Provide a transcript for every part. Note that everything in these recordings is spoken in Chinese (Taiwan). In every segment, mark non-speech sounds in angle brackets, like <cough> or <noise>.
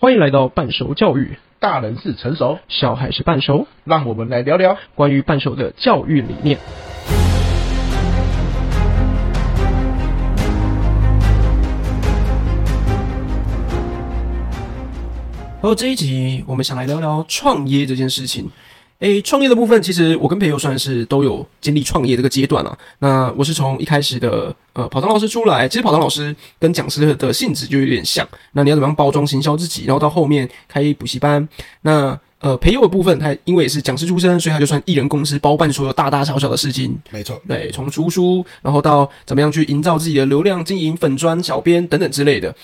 歡迎來到半熟教育，大人是成熟，小孩是半熟，讓我們來聊聊關於半熟的教育理念。哦，這一集我們想來聊聊創業這件事情。誒，創業的部分，其實我跟培祐算是都有經歷創業這個階段了、啊。那我是從一開始的呃跑堂老師出來，其實跑堂老師跟講師的性質就有點像。那你要怎麼樣包裝行銷自己，然後到後面開補習班。那呃培祐的部分，他因為也是講師出身，所以他就算一人公司包辦所有大大小小的事情。沒錯，對，從出書、書，然後到怎麼樣去營造自己的流量，經營粉專、小編等等之類的。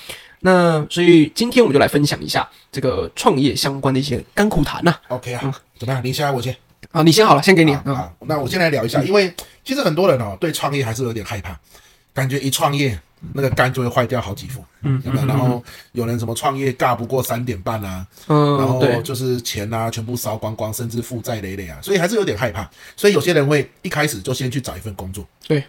那所以今天我們就來分享一下這個創業相關的一些甘苦談吶，啊 okay。OK、嗯、啊，怎麼樣？你先來，我先。好，啊，你先好了，先給你、嗯、啊、啊。那我先來聊一下，嗯、因為其實很多人哦對創業還是有點害怕，感覺一創業、嗯、那個肝就會壞掉好幾副，嗯有有，然後有人什麼創業尬不過三點半啊，嗯，然後就是錢啊、嗯、全部燒光光，甚至負債累累啊，所以還是有點害怕。所以有些人會一開始就先去找一份工作。對、嗯，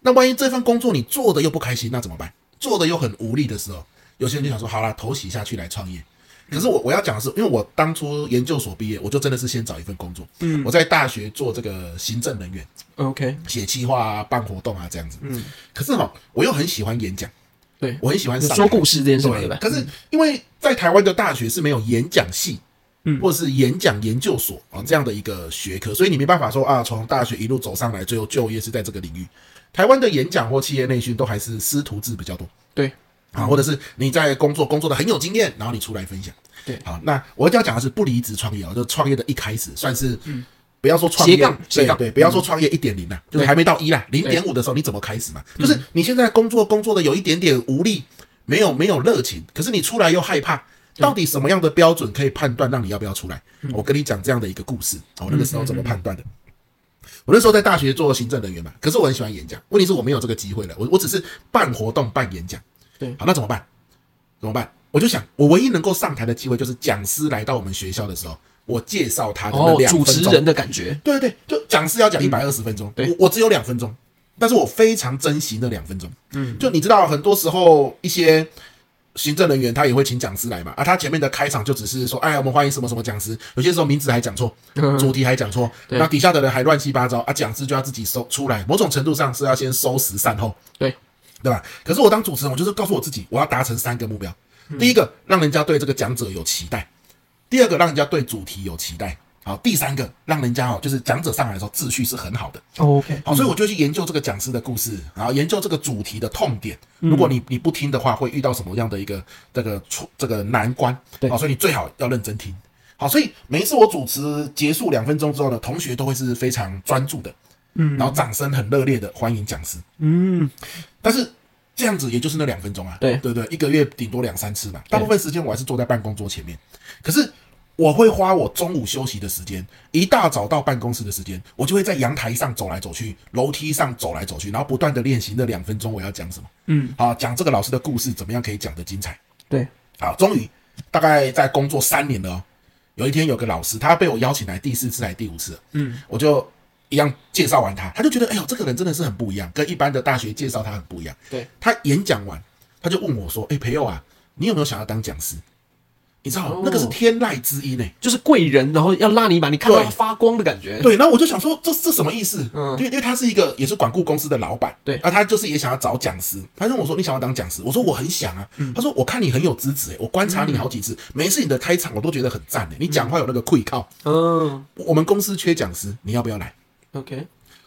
那萬一這份工作你做的又不開心，那怎麼辦？做的又很無力的時候，有些人就想說：好啦，投洗下去來創業。可是我、嗯、我要講的是，因為我當初研究所畢業，我就真的是先找一份工作。嗯，我在大學做這個行政人員。OK、嗯、寫企劃啊，辦活動啊，這樣子。嗯。可是哈，我又很喜歡演講。對，我很喜歡說故事這件事情。對、嗯。可是因為在台灣的大學是沒有演講系、嗯，或者是演講研究所啊、哦、這樣的一個學科，所以你沒辦法說啊，從大學一路走上來，最後就業是在這個領域。台灣的演講或企業內訓都還是師徒制比較多。對，啊，或者是你在工作工作的很有經驗，然後你出來分享。對，好，那我一定要講的是不離職創業啊，就創業的一開始算是，嗯、不要說創業，斜槓斜槓，對，不要說創業一點零吶，就是還沒到一啦，零點五的時候你怎麼開始嘛？就是你現在工作工作的有一點點無力，沒有沒有熱情，可是你出來又害怕，到底什麼樣的標準可以判斷讓你要不要出來？我跟你講這樣的一個故事，我、嗯哦、那個時候怎麼判斷的？嗯嗯我那時候在大學做行政人員嘛，可是我很喜歡演講，問題是我沒有這個機會了。我我只是辦活動辦演講，對，好，那怎麼辦？怎麼辦？我就想，我唯一能夠上台的機會就是講師來到我們學校的時候，我介紹他的那兩分鐘，哦、主持人的感覺，對對對，就講師要講一百二十分鐘，嗯、我我只有兩分鐘，但是我非常珍惜那兩分鐘。嗯，就你知道，很多時候一些。行政人員他也會請講師來嘛啊，他前面的開場就只是說，哎，我們歡迎什麼什麼講師，有些時候名字還講錯，主題還講錯，那底下的人還亂七八糟啊，講師就要自己收出來，某種程度上是要先收拾善後，對，對吧？可是我當主持人，我就是告訴我自己，我要達成三個目標，嗯、第一個讓人家對這個講者有期待，第二個讓人家對主題有期待。好，第三個，讓人家哦，就是講者上來的時候秩序是很好的。Oh, OK，好，所以我就去研究這個講師的故事，嗯、然後研究這個主題的痛點。如果你你不聽的話，會遇到什麼樣的一個這個錯這個難關？對，好、哦，所以你最好要認真聽。好，所以每一次我主持結束兩分鐘之後呢，同學都會是非常專注的，嗯，然後掌聲很熱烈的歡迎講師，嗯。但是這樣子也就是那兩分鐘啊，對對對，一個月頂多兩三次嘛，大部分時間我還是坐在辦公桌前面，可是。我會花我中午休息的時間，一大早到辦公室的時間，我就會在陽台上走來走去，樓梯上走來走去，然後不斷地練習那兩分鐘我要講什麼。嗯，好、啊，講這個老師的故事，怎麼樣可以講得精彩？對，好，終於大概在工作三年了哦，有一天有個老師，他被我邀請來第四次還是第五次，嗯，我就一樣介紹完他，他就覺得哎呦，這個人真的是很不一樣，跟一般的大學介紹他很不一樣。對，他演講完，他就問我說：“哎，培祐啊，你有沒有想要當講師？”你知道、哦、那個是天籟之音呢。就是貴人，然後要拉你一把，你看到他發光的感覺。對，然後我就想說，這是這是什麼意思？嗯，因為因為他是一個也是管顧公司的老闆，對、嗯，啊，他就是也想要找講師，他跟我說：“你想要當講師？”我說：“我很想啊。嗯”他說：“我看你很有資質，我觀察你好幾次，每一、嗯、次你的開場我都覺得很讚、嗯、你講話有那個氣口，嗯，我們公司缺講師，你要不要來、嗯、？OK。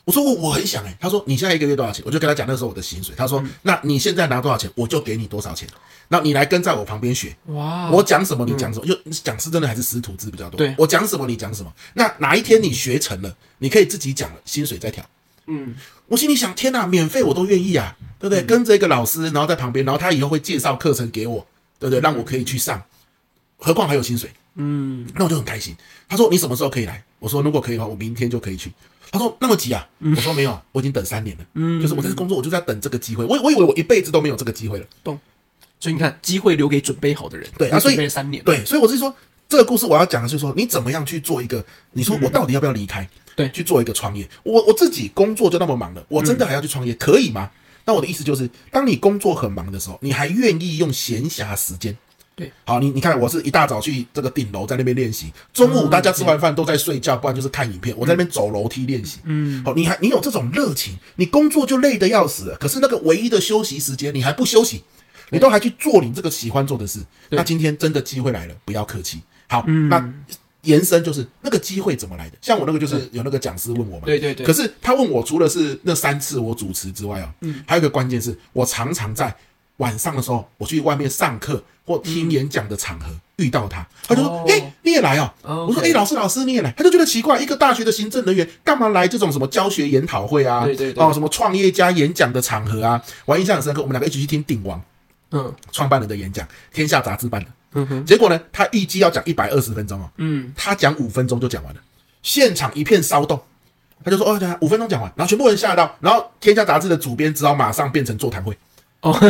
我說我很想誒、欸，他說你現在一個月多少錢？我就跟他講那時候我的薪水。他說那你現在拿多少錢，我就給你多少錢。那你來跟在我旁邊學哇，我講什麼你講什麼，就講師真的還是師徒制比較多。對，我講什麼你講什麼。那哪一天你學成了，你可以自己講了，薪水再調。嗯，我心裡想，天哪，免費我都願意啊，對不對？跟着一個老師，然後在旁邊，然後他以後會介紹課程給我，對不對？讓我可以去上，何況還有薪水，嗯，那我就很開心。他說你什麼時候可以來？我說如果可以的話，我明天就可以去。他說那麼急啊？嗯、我說沒有、啊，我已經等三年了。嗯，就是我在工作，我就在等這個機會。我我以為我一輩子都沒有這個機會了。懂。所以你看，機會留給準備好的人。對，所以三年。對，所以我是說，這個故事我要講的是說，你怎麼樣去做一個，你說我到底要不要離開？對、嗯，去做一個創業。我我自己工作就那麼忙了，我真的還要去創業、嗯，可以嗎？那我的意思就是，當你工作很忙的時候，你還願意用閒暇時間？好，你你看，我是一大早去這個頂樓在那邊練習，中午大家吃完飯都在睡覺，嗯、不然就是看影片。我在那邊走樓梯練習。嗯，好，你還你有這種熱情，你工作就累得要死了，可是那個唯一的休息時間你還不休息，你都還去做你這個喜歡做的事。那今天真的機會來了，不要客氣。好，嗯、那延伸就是那個機會怎麼來的？像我那個就是有那個講師問我嘛、嗯，對對對。可是他問我除了是那三次我主持之外啊，嗯，還有一個關鍵是我常常在晚上的時候我去外面上課。我聽演講的場合、嗯、遇到他，他就說：“哎、oh. 欸，你也來哦、喔！” oh. 我說：“哎、okay. 欸，老師，老師你也來。”他就覺得奇怪，一個大學的行政人員幹嘛來這種什麼教學研討會啊？對對，對哦，什麼創業家演講的場合啊？我印象很深刻，我們兩個一起去聽鼎王，嗯，創辦人的演講，天下雜誌辦的、嗯。結果呢，他預計要講一百二十分鐘哦，嗯，他講五分鐘就講完了，現場一片騷動，他就說：“哦，對，五分鐘講完。”然後全部人嚇到，然後天下雜誌的主編只好馬上變成座談會。哦，哈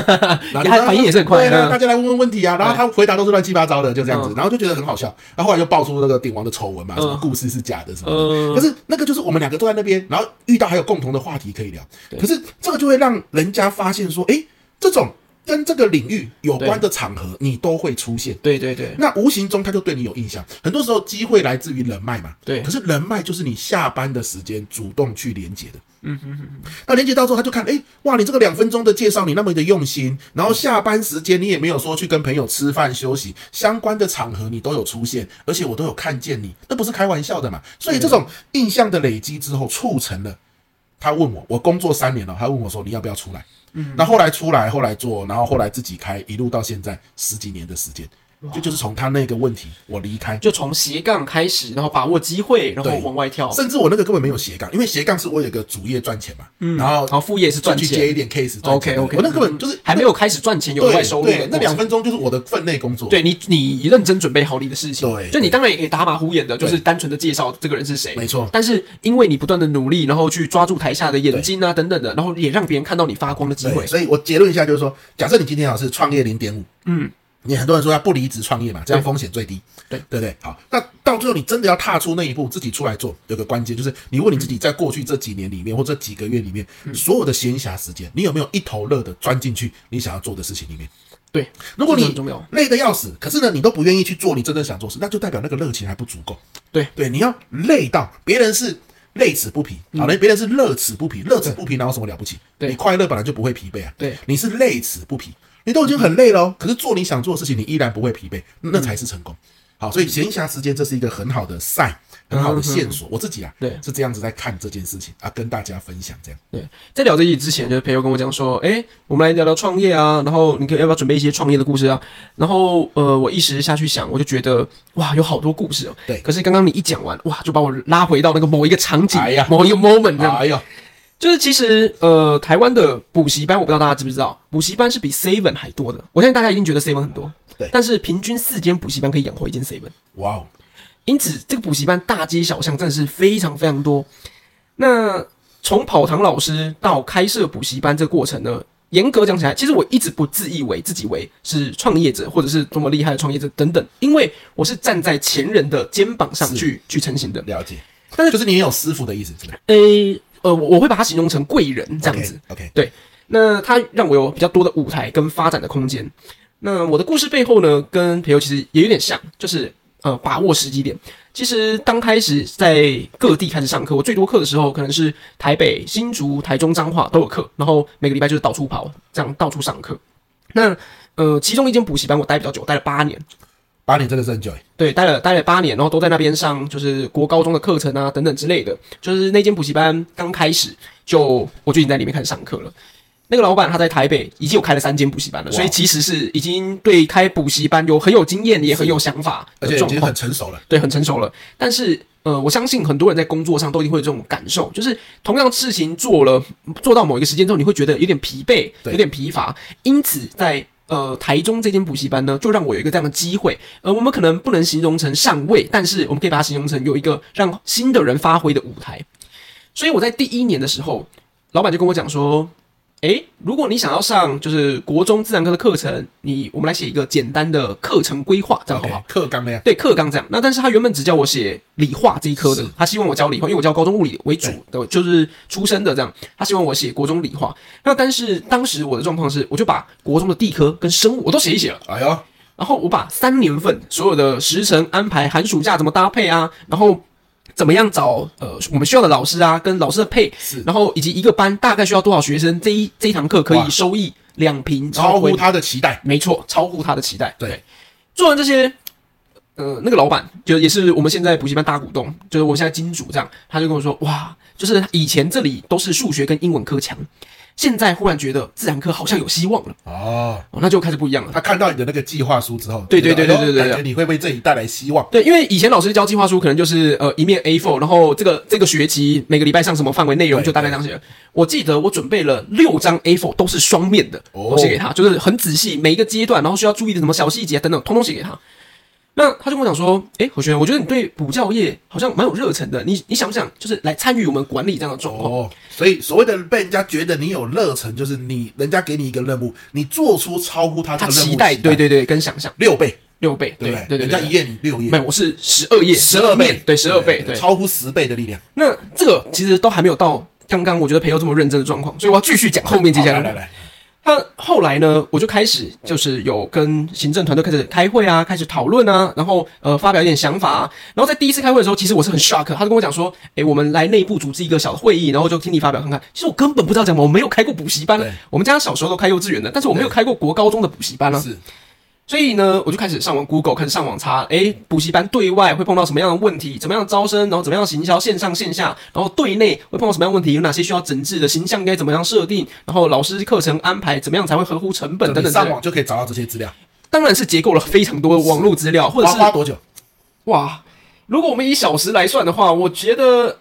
然後他反應也是很快的、啊對啊，大家來問問問題啊，然後他回答都是亂七八糟的，就這樣子，oh. 然後就覺得很好笑。然後後來就爆出那個鼎王的醜聞嘛，oh. 什麼故事是假的什麼的，oh. 可是那個就是我們兩個坐在那邊，然後遇到還有共同的話題可以聊。Oh. 可是這個就會讓人家發現說，誒、欸，這種跟這個領域有關的場合，你都會出現對。對對對，那無形中他就對你有印象。很多時候機會來自於人脈嘛，對。可是人脈就是你下班的時間主動去連接的。嗯哼哼哼，那連接到之後，他就看，哎、欸，哇，你這個兩分鐘的介紹，你那麼的用心，然後下班時間你也沒有說去跟朋友吃飯休息，相關的場合你都有出現，而且我都有看見你，那不是開玩笑的嘛。所以這種印象的累積之後，促成了他問我，我工作三年了，他問我說你要不要出來？嗯，那後來出來，後來做，然後後來自己開，一路到現在十幾年的時間。就就是從他那個問題我離開，就從斜槓開始，然後把握機會，然後往外跳。甚至我那個根本沒有斜槓，因為斜槓是我有個主業賺錢嘛，嗯，然後然後、啊、副業是賺錢，去接一點 case。OK OK，我那根本就是、嗯、還沒有開始賺錢有，有外收入。那兩分鐘就是我的分內工作。對你，你認真準備好你的事情對。對，就你當然也可以打馬虎眼的，就是單純的介紹這個人是誰。沒錯。但是因為你不斷的努力，然後去抓住台下的眼睛啊等等的，然後也讓別人看到你發光的機會。所以我結論一下就是說，假設你今天啊是創業零點五，嗯。你很多人說要不離職創業嘛，這樣風險最低。對對對，不對，好。那到最後你真的要踏出那一步，自己出來做，有個關鍵就是，你問你自己，在過去這幾年裡面、嗯、或這幾個月裡面，所有的閒暇時間，你有沒有一頭熱的鑽進去你想要做的事情裡面？對，如果你累得要死，可是呢，你都不願意去做你真正想做的事，那就代表那個熱情還不足夠。對對，你要累到別人是累此不疲，好、嗯、嘞，別人是樂此不疲，樂此不疲，然後什麼了不起？對，你快樂本來就不會疲憊啊，對，你是累此不疲。你都已經很累了，哦，嗯嗯，可是做你想做的事情，你依然不會疲憊，嗯嗯，那才是成功。好，所以閒暇時間這是一個很好的 sign，嗯，很好的線索。我自己啊，對，是這樣子在看這件事情啊，跟大家分享這樣。對，在聊這集之前，就是朋友跟我講說，誒，我們來聊聊創業啊，然後你可以要不要準備一些創業的故事啊？然後，呃，我一時下去想，我就覺得哇，有好多故事哦。對，可是剛剛你一講完，哇，就把我拉回到那個某一個場景，哎，呀某一個 moment 這樣。哎呀。哎呀就是其實，呃，台灣的補習班我不知道大家知不知，知道，補習班是比 Seven 還多的。我相信大家一定覺得 Seven 很多，對。但是平均四間補習班可以養活一間 Seven。哇、wow、哦！因此，這個補習班大街小巷真的是非常非常多。那從跑堂老師到開設補習班這個過程呢，嚴格講起來，其實我一直不自以為自己為是創業者，或者是多麼厲害的創業者等等，因為我是站在前人的肩膀上去去成型的。了解。但是就是你也有師傅的意思，是不是？誒、欸。呃，我我會把它形容成貴人這樣子，okay，OK，對，那它讓我有比較多的舞台跟發展的空間。那我的故事背後呢，跟朋友其實也有點像，就是呃，把握時機點。其實剛開始在各地開始上課，我最多課的時候可能是台北、新竹、台中彰化，都有課，然後每個禮拜就是到處跑，這樣到處上課。那呃，其中一間補習班我待比較久，我待了八年。八年真的是很久耶，對，待了待了八年，然後都在那邊上，就是國高中的課程啊等等之類的。就是那間補習班剛開始就我就已經在裡面開始上課了。那個老闆他在台北已經有開了三間補習班了，所以其實是已經對開補習班有很有經驗，也很有想法狀況，而且已經很成熟了。對，很成熟了。嗯，但是呃，我相信很多人在工作上都一定會有這種感受，就是同樣事情做了做到某一個時間之後，你會覺得有點疲憊，有點疲乏，因此在。呃，台中這間補習班呢，就讓我有一個這樣的機會。呃，我們可能不能形容成上位，但是我們可以把它形容成有一個讓新的人發揮的舞台。所以我在第一年的時候，老闆就跟我講說，哎、欸，如果你想要上就是國中自然科的課程，你我們來寫一個簡單的課程規劃，這樣好不好？課綱的呀。對，課綱這樣。那但是他原本只叫我寫理化這一科的，他希望我教理化，因為我教高中物理為主的，就是出身的這樣。他希望我寫國中理化。那但是當時我的狀況是，我就把國中的地科跟生物我都寫一寫了。哎呀，然後我把三年份所有的時程安排、寒暑假怎麼搭配啊，然後。怎麼樣找，呃，我們需要的老師啊，跟老師的配，然後以及一個班大概需要多少學生，這一這一堂課可以收益兩平，超乎他的期待。沒錯，超乎他的期待。對，做完這些，呃，那個老闆就也是我們現在補習班大股東，就是我們現在金主這樣，他就跟我說，哇，就是以前這裡都是數學跟英文科強。現在忽然覺得自然科好像有希望了哦，哦，那就開始不一樣了。他看到你的那個計劃書之後，對對對對對，對，對對對對，感覺你會為這裡帶來希望。對，因為以前老師教計劃書，可能就是呃一面 A4，然後這個這個學期每個禮拜上什麼範圍內容，就大概這樣寫。對對對，我記得我準備了六張 A4，都是雙面的，對對對，我寫給他，就是很仔細每一個階段，然後需要注意的什麼小細節、啊、等等，通通寫給他。那他就跟我講說：“哎、欸，何宣，我覺得你對補教業好像蠻有熱忱的。你你想不想就是來參與我們管理這樣的狀況？”哦、oh,，所以所謂的被人家覺得你有熱忱，就是你人家給你一個任務，你做出超乎他，期待，他期待，對對對，跟想象六倍六倍，六倍對，對，對，對對對，人家一頁你六頁，沒有，我是十二頁十二倍，對十二倍對對對對，超乎十倍，倍的力量。那這個其實都還沒有到剛剛我覺得培祐這麼認真的狀況，所以我要繼續講後面接下來的。他後來呢，我就開始就是有跟行政團隊開始開會啊，開始討論啊，然後呃發表一點想法啊。然後在第一次開會的時候，其實我是很 shock，他就跟我講說：“哎，我們來內部組織一個小的會議，然後就聽你發表看看。”其實我根本不知道怎麼，我沒有開過補習班。我們家小時候都開幼稚園的，但是我沒有開過國高中的補習班啊。是。所以呢，我就開始上網，Google 開始上網查，誒、欸，補習班對外會碰到什麼樣的問題？怎麼樣招生？然後怎麼樣行銷，線上線下？然後對內會碰到什麼樣問題？有哪些需要整治的形象，該怎麼樣設定？然後老師課程安排怎麼樣才會合乎成本等等？上網就可以找到這些資料，當然是結構了非常多的網絡資料，或者是花了多久？哇，如果我們以小時來算的話，我覺得。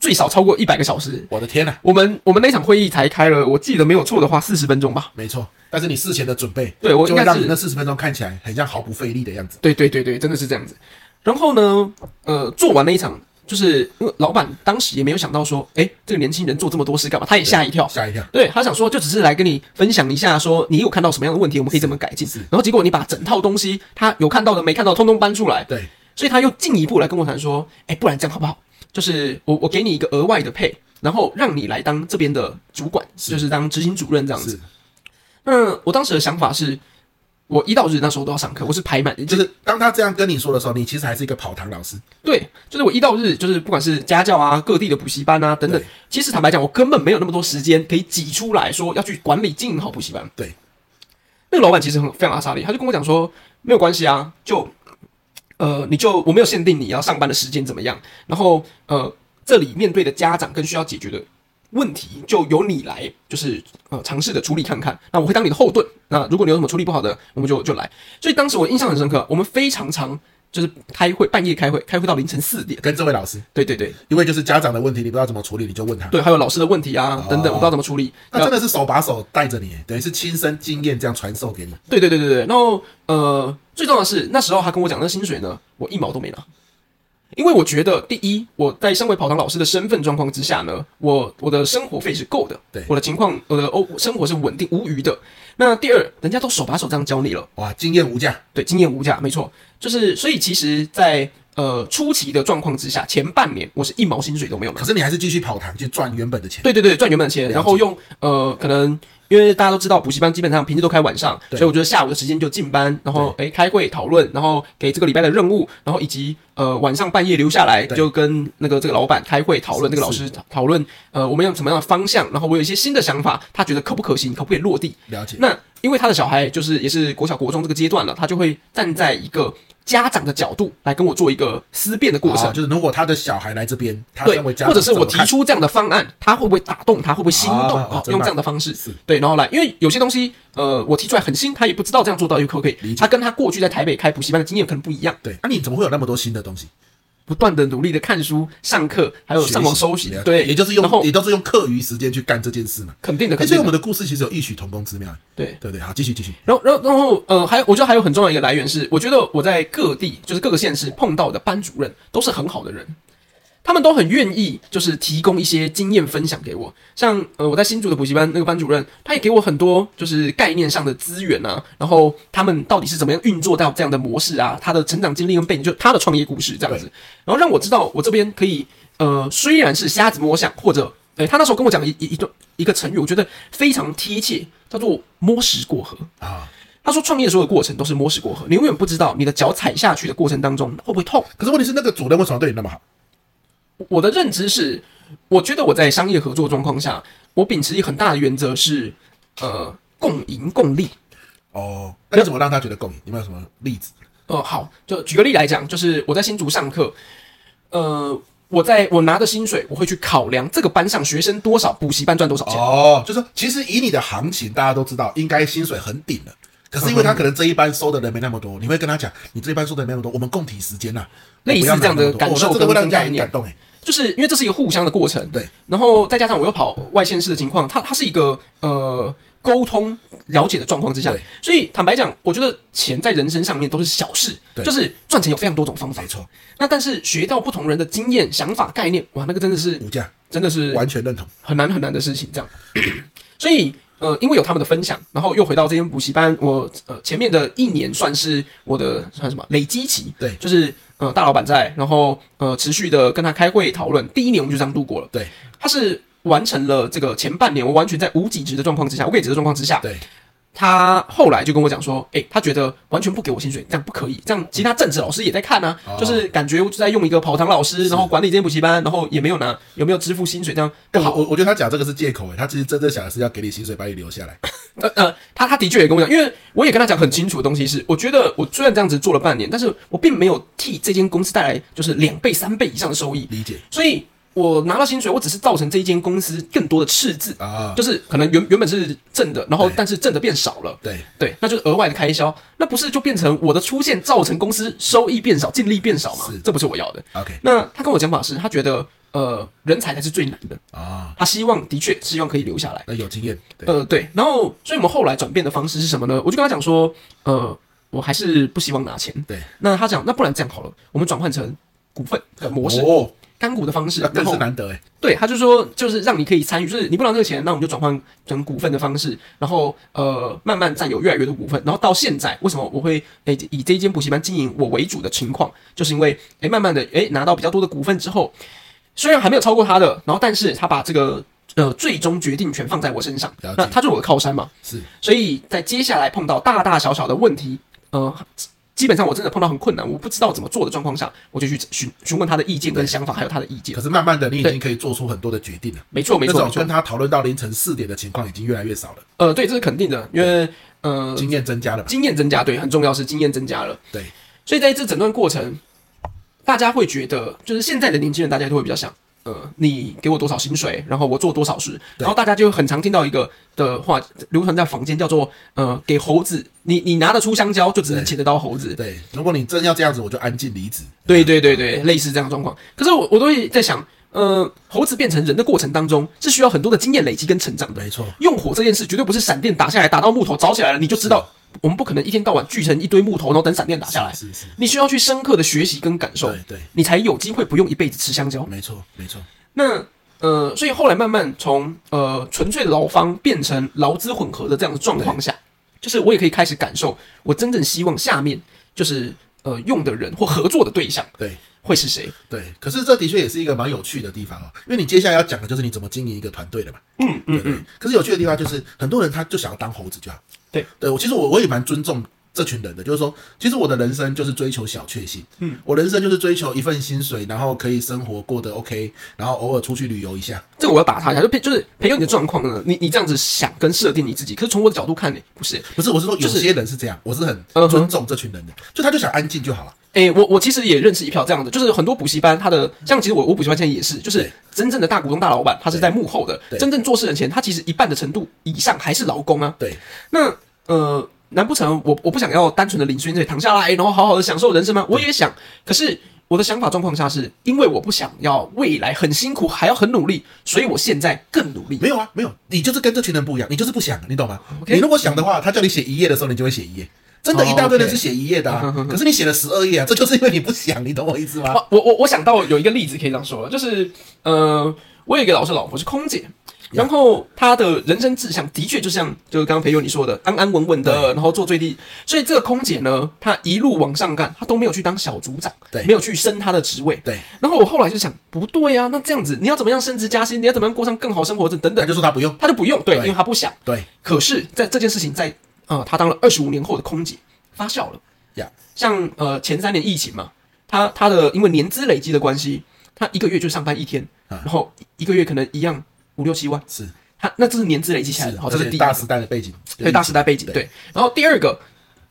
最少超過一百個小時。我的天吶、啊！我們我們那場會議才開了，我記得沒有錯的話，四十分鐘吧。沒錯。但是你事前的準備，對，我應該是讓那四十分鐘看起來很像毫不費力的樣子。對對對對，真的是這樣子。然後呢，呃，做完那一場，就是、嗯、老闆當時也沒有想到說，哎、欸，這個年輕人做這麼多事幹嘛？他也嚇一跳，嚇一跳。對，跳對他想說，就只是來跟你分享一下說，說你有看到什麼樣的問題，我們可以怎麼改進。然後結果你把整套東西，他有看到的沒看到，通通搬出來。對。所以他又進一步來跟我談說，哎、欸，不然這樣好不好？就是我，我給你一個額外的配，然後讓你來當這邊的主管，是就是當執行主任這樣子。那、嗯、我當時的想法是，我一到日那時候都要上課，我是排滿，就是當他這樣跟你說的時候，你其實還是一個跑堂老師。對，就是我一到日，就是不管是家教啊、各地的補習班啊等等，其實坦白講，我根本沒有那麼多時間可以擠出來說要去管理、經營好補習班。對。那個老闆其實很非常阿莎力，他就跟我講說，沒有關係啊，就。呃，你就我沒有限定你要上班的時間怎麼樣，然後呃，這裡面對的家長跟需要解決的問題，就由你來就是呃嘗試的處理看看，那我會當你的後盾，那如果你有什麼處理不好的，我們就就來。所以當時我印象很深刻，我們非常常。就是開會，半夜開會，開會到凌晨四點，跟這位老師。對對對，因為就是家長的問題，你不知道怎麼處理，你就問他。對，還有老師的問題啊，哦、等等，我不知道怎麼處理。那真的是手把手帶着你，等於是親身經驗這樣傳授給你。對對對對對。然後，呃，最重要的是那時候他跟我講，那薪水呢，我一毛都沒拿，因為我覺得第一，我在身為跑堂老師的身份狀況之下呢，我我的生活費是夠的，對，我的情況，我的哦生活是穩定無餘的。那第二，人家都手把手這樣教你了，哇，經驗無價，對，經驗無價，沒錯。就是，所以其實，在呃初期的狀況之下，前半年我是一毛薪水都沒有的。可是你還是繼續跑堂去賺原本的錢。對對對，賺原本的錢，然後用呃，可能因為大家都知道補習班基本上平時都開晚上，所以我覺得下午的時間就進班，然後欸開會討論，然後給這個禮拜的任務，然後以及呃晚上半夜留下來就跟那個這個老闆開會討論，那個老師討論呃我們用什麼樣的方向，然後我有一些新的想法，他覺得可不可行，可不可以落地？了解。那。因為他的小孩就是也是國小國中這個階段了，他就會站在一個家長的角度來跟我做一個思辨的過程，就是如果他的小孩來這邊，他對，或者是我提出這樣的方案，他會不會打動他，會不會心動、啊、用這樣的方式，對，然後來，因為有些東西，呃，我提出來很新，他也不知道這樣做到底可不可以理解，他跟他過去在台北開補習班的經驗可能不一樣，對。那、啊、你怎麼會有那麼多新的東西？不斷地努力的看書、上課，還有上網搜尋，啊。對，也就是用，也都是用課餘時間去幹這件事嘛。肯定的，肯定的。所以我們的故事其實有異曲同工之妙。對，對對，對，好，繼續繼續。然後，然後，然後，呃，還有，我覺得還有很重要的一個來源是，我覺得我在各地就是各個縣市碰到的班主任都是很好的人。他們都很願意，就是提供一些經驗分享給我。像呃，我在新竹的補習班那個班主任，他也給我很多就是概念上的資源啊。然後他們到底是怎麼樣運作到這樣的模式啊？他的成長經歷跟背景，就他的創業故事這樣子，然後讓我知道我這邊可以呃，雖然是瞎子摸象，或者誒、欸，他那時候跟我講了一一一段一個成語，我覺得非常貼切，叫做摸石過河啊。他說創業所有的過程都是摸石過河，你永遠不知道你的腳踩下去的過程當中會不會痛。可是問題是，那個主任為什麼對你那麼好？我的認知是，我覺得我在商業合作狀況下，我秉持一個很大的原則是，呃，共贏共利。哦，那要怎麼讓他覺得共贏？有沒有什麼例子？呃，好，就舉個例來講，就是我在新竹上課，呃，我在我拿的薪水，我會去考量這個班上學生多少，補習班賺多少錢。哦，就是說其實以你的行情，大家都知道應該薪水很頂了，可是因為他可能這一班收的人沒那麼多，你會跟他講，你這一班收的人沒那麼多，我們共體時間吶、啊，類似這樣的感受都會讓人家很感動欸就是因為這是一個互相的過程，對。然後再加上我又跑外縣市的情況，它它是一個呃溝通了解的狀況之下，所以坦白講，我覺得錢在人生上面都是小事，對，就是賺錢有非常多種方法，沒錯。那但是學到不同人的經驗、想法、概念，哇，那個真的是，無價，真的是完全認同，很難很難的事情，這樣。 <laughs> 所以。呃，因為有他們的分享，然後又回到這間補習班。我呃前面的一年算是我的算什麼累積期，對，就是呃大老板在，然後呃持續的跟他開會討論。第一年我們就這樣度過了，對，他是完成了這個前半年，我完全在無給職的狀況之下，無給職的狀況之下，對。他後來就跟我講說，誒、欸，他覺得完全不給我薪水，這樣不可以，這樣其他政治老師也在看啊，嗯、就是感覺我在用一個跑堂老師，哦哦然後管理這間補習班，然後也沒有拿有沒有支付薪水，這樣更好。我我覺得他講這個是借口，欸，誒他其實真正想的是要給你薪水，把你留下來。 <laughs> 呃，呃，他他的確也跟我講，因為我也跟他講很清楚的東西是，嗯，我覺得我雖然這樣子做了半年，但是我並沒有替這間公司帶來就是兩倍三倍以上的收益。理解，所以。我拿到薪水，我只是造成這一間公司更多的赤字啊，就是可能原原本是掙的，然後但是掙的變少了，對對，那就是額外的開銷，那不是就變成我的出現造成公司收益變少，淨利變少嗎？這不是我要的。OK，那他跟我講法是，他覺得呃人才才是最難的啊，他希望的確希望可以留下來，那有經驗，對呃對，然後所以我們後來轉變的方式是什麼呢？我就跟他講說，呃，我還是不希望拿錢，對，那他講那不然這樣好了，我們轉換成股份的模式。哦乾股的方式，更是難得，誒，對，他就說就是讓你可以參與，就是你不拿這個錢，那我們就轉換成股份的方式，然後呃慢慢佔有越來越多股份，然後到現在，為什麼我會誒以這一間補習班經營我為主的情況，就是因為誒慢慢的誒拿到比較多的股份之後，雖然還沒有超過他的，然後但是他把這個呃最終決定權放在我身上，那他就是我的靠山嘛，是，所以在接下來碰到大大小小的問題，呃。基本上我真的碰到很困難，我不知道怎麼做的狀況下，我就去詢詢問他的意見跟想法，還有他的意見。可是慢慢的，你已經可以做出很多的決定了。沒錯，沒錯，那跟他討論到凌晨四點的情況已經越來越少了。呃，對，這是肯定的，因為呃，經驗增加了，經驗增加，對，很重要是經驗增加了。對，所以在這整段過程，大家會覺得，就是現在的年輕人，大家都會比較想。呃，你給我多少薪水，然後我做多少事，然後大家就很常聽到一個的話流傳在坊間，叫做呃給猴子，你你拿得出香蕉就只能請得到猴子。對，對，如果你真要這樣子，我就安靜離職。對對對對，對，類似這樣狀況。可是我我都會在想，呃，猴子變成人的過程當中是需要很多的經驗累積跟成長的。沒錯，用火這件事絕對不是閃電打下來打到木頭着起來了，你就知道。我們不可能一天到晚聚成一堆木頭，然後等閃電打下來。是是，是，你需要去深刻的學習跟感受。對對，你才有機會不用一輩子吃香蕉。沒錯沒錯那。那呃，所以後來慢慢從呃純粹的勞方變成勞資混合的這樣的狀況下，就是我也可以開始感受，我真正希望下面就是呃用的人或合作的對象，對，會是誰對？對。可是這的確也是一個蠻有趣的地方哦，因為你接下來要講的就是你怎麼經營一個團隊的嘛。嗯對對嗯嗯。可是有趣的地方就是很多人他就想要當猴子就好，就要。對對，我其實我我也蠻尊重這群人的，就是說，其實我的人生就是追求小確幸。嗯，我人生就是追求一份薪水，然後可以生活過得 OK，然後偶爾出去旅遊一下。這個我要打他一下，就培，就是培祐你的狀況呢，你你這樣子想跟設定你自己，可是從我的角度看呢。欸，不是不是，我是說有些人是這樣，就是，我是很尊重這群人的，uh-huh. 就他就想安靜就好了。哎、欸，我我其實也認識一票這樣的，就是很多補習班，他的像其實我我補習班現在也是，就是真正的大股東大老闆，他是在幕後的。對對，真正做事人前，他其實一半的程度以上還是勞工啊。對，那呃，難不成我我不想要單純的領薪水躺下來，然後好好的享受人生嗎？我也想，可是我的想法狀況下是因為我不想要未來很辛苦還要很努力，所以我現在更努力。沒有啊，沒有，你就是跟這群人不一樣，你就是不想，你懂嗎？Okay? 你如果想的話，他叫你寫一頁的時候，你就會寫一頁。真的，一大堆人是寫一頁的、啊，oh, okay. 可是你寫了十二頁啊，這就是因為你不想，你懂我意思嗎？我我我想到有一個例子可以這樣說了，就是呃，我有一個老師老婆是空姐，yeah. 然後她的人生志向的確就像就是剛剛培祐你說的，安安穩穩的，然後做最低，所以這個空姐呢，她一路往上幹，她都沒有去當小組長，對，沒有去升她的職位對，對。然後我後來就想，不對呀，啊，那這樣子你要怎麼樣升職加薪？你要怎麼樣過上更好生活？這等等，那就說他不用，他就不用，對，對，因為他不想，對。對，可是，在這件事情在。啊、嗯，他當了二十五年後的空姐，發酵了呀。Yeah. 像呃前三年疫情嘛，他他的因為年資累積的關係，他一個月就上班一天，Huh. 然後一個月可能一樣五六七萬。是，他那這是年資累積起來，是的這，的這是第一大時代的背景。對大時代背景對。然後第二個，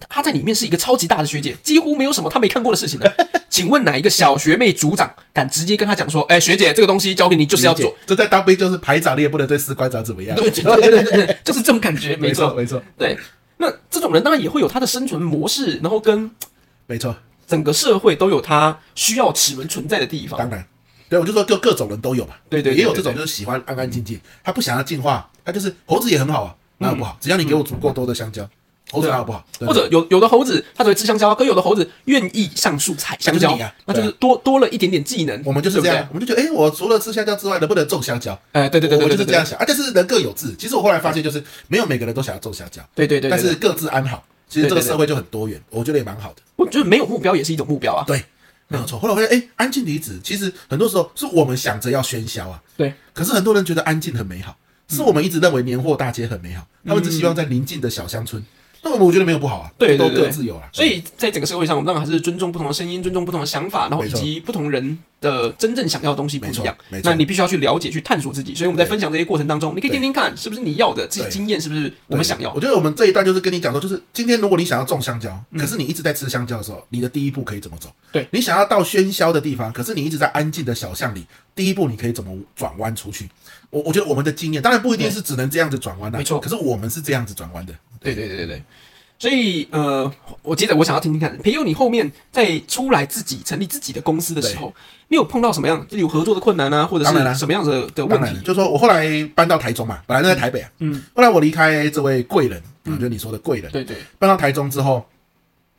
他在裡面是一個超級大的學姐，幾乎沒有什麼他沒看過的事情的。 <laughs> 請問哪一個小學妹組長敢直接跟他講說，誒、欸、學姐這個東西交給你就是要做，這在當兵就是排長，你也不能對士官長怎麼樣。對對對， <laughs> 就是這種感覺，沒錯， <laughs> 沒錯沒錯，對。那這種人當然也會有他的生存模式，然後跟，沒錯，整個社會都有他需要齒輪存在的地方。當然，對，我就說各各種人都有嘛。對對，對，對對，也有這種就是喜歡安安靜靜、嗯，他不想要進化，他就是猴子也很好啊，哪有不好、嗯，只要你給我足夠多的香蕉。嗯嗯嗯猴子好不好？或者有有的猴子它只會吃香蕉、啊，可有的猴子願意上樹採香蕉，那、啊就，啊啊、就是多、啊、多，多了一點點技能。我們就是這樣，對對啊、我們就覺得，哎、欸，我除了吃香蕉之外，能不能種香蕉？哎、欸，對對，對，對我，我就是這樣想。對對對對對對對對啊，但是人各有志。其實我後來發現，就是沒有每個人都想要種香蕉。對對對，對，對，對，對對對，但是各自安好。其實這個社會就很多元，我覺得也蠻好的。我覺得沒有目標也是一種目標啊。對，沒有錯。後來發現，哎、欸，安靜離職其實很多時候是我們想着要喧囂啊。對。可是很多人覺得安靜很美好，是我們一直認為年貨大街很美好、嗯，他們只希望在鄰近的小鄉村。那我我覺得沒有不好啊，對、對、對、對，都各自有啊。所以，在整個社會上，我們當然還是尊重不同的聲音，尊重不同的想法，然後以及不同人的真正想要的東西不一樣。沒錯，沒錯，那你必須要去了解、去探索自己。所以我們在分享這些過程當中，你可以聽聽看，是不是你要的自己經驗，是不是我們想要。我覺得我們這一段就是跟你講說，就是今天如果你想要種香蕉，嗯、可是你一直在吃香蕉的時候，你的第一步可以怎麼走？對，你想要到喧囂的地方，可是你一直在安靜的小巷裡，第一步你可以怎麼轉彎出去？我我覺得我們的經驗當然不一定是只能這樣子轉彎的，沒錯。可是我們是這樣子轉彎的，對對對對對。所以呃，我接著我想要聽聽看，培祐你後面在出來自己成立自己的公司的時候，你有碰到什麼樣的有合作的困難啊，或者是什麼樣子的，啊、的問題？就說我後來搬到台中嘛，本來都在台北啊，嗯，後來我離開這位貴人、人，嗯，就你說的貴人，對對，搬到台中之後。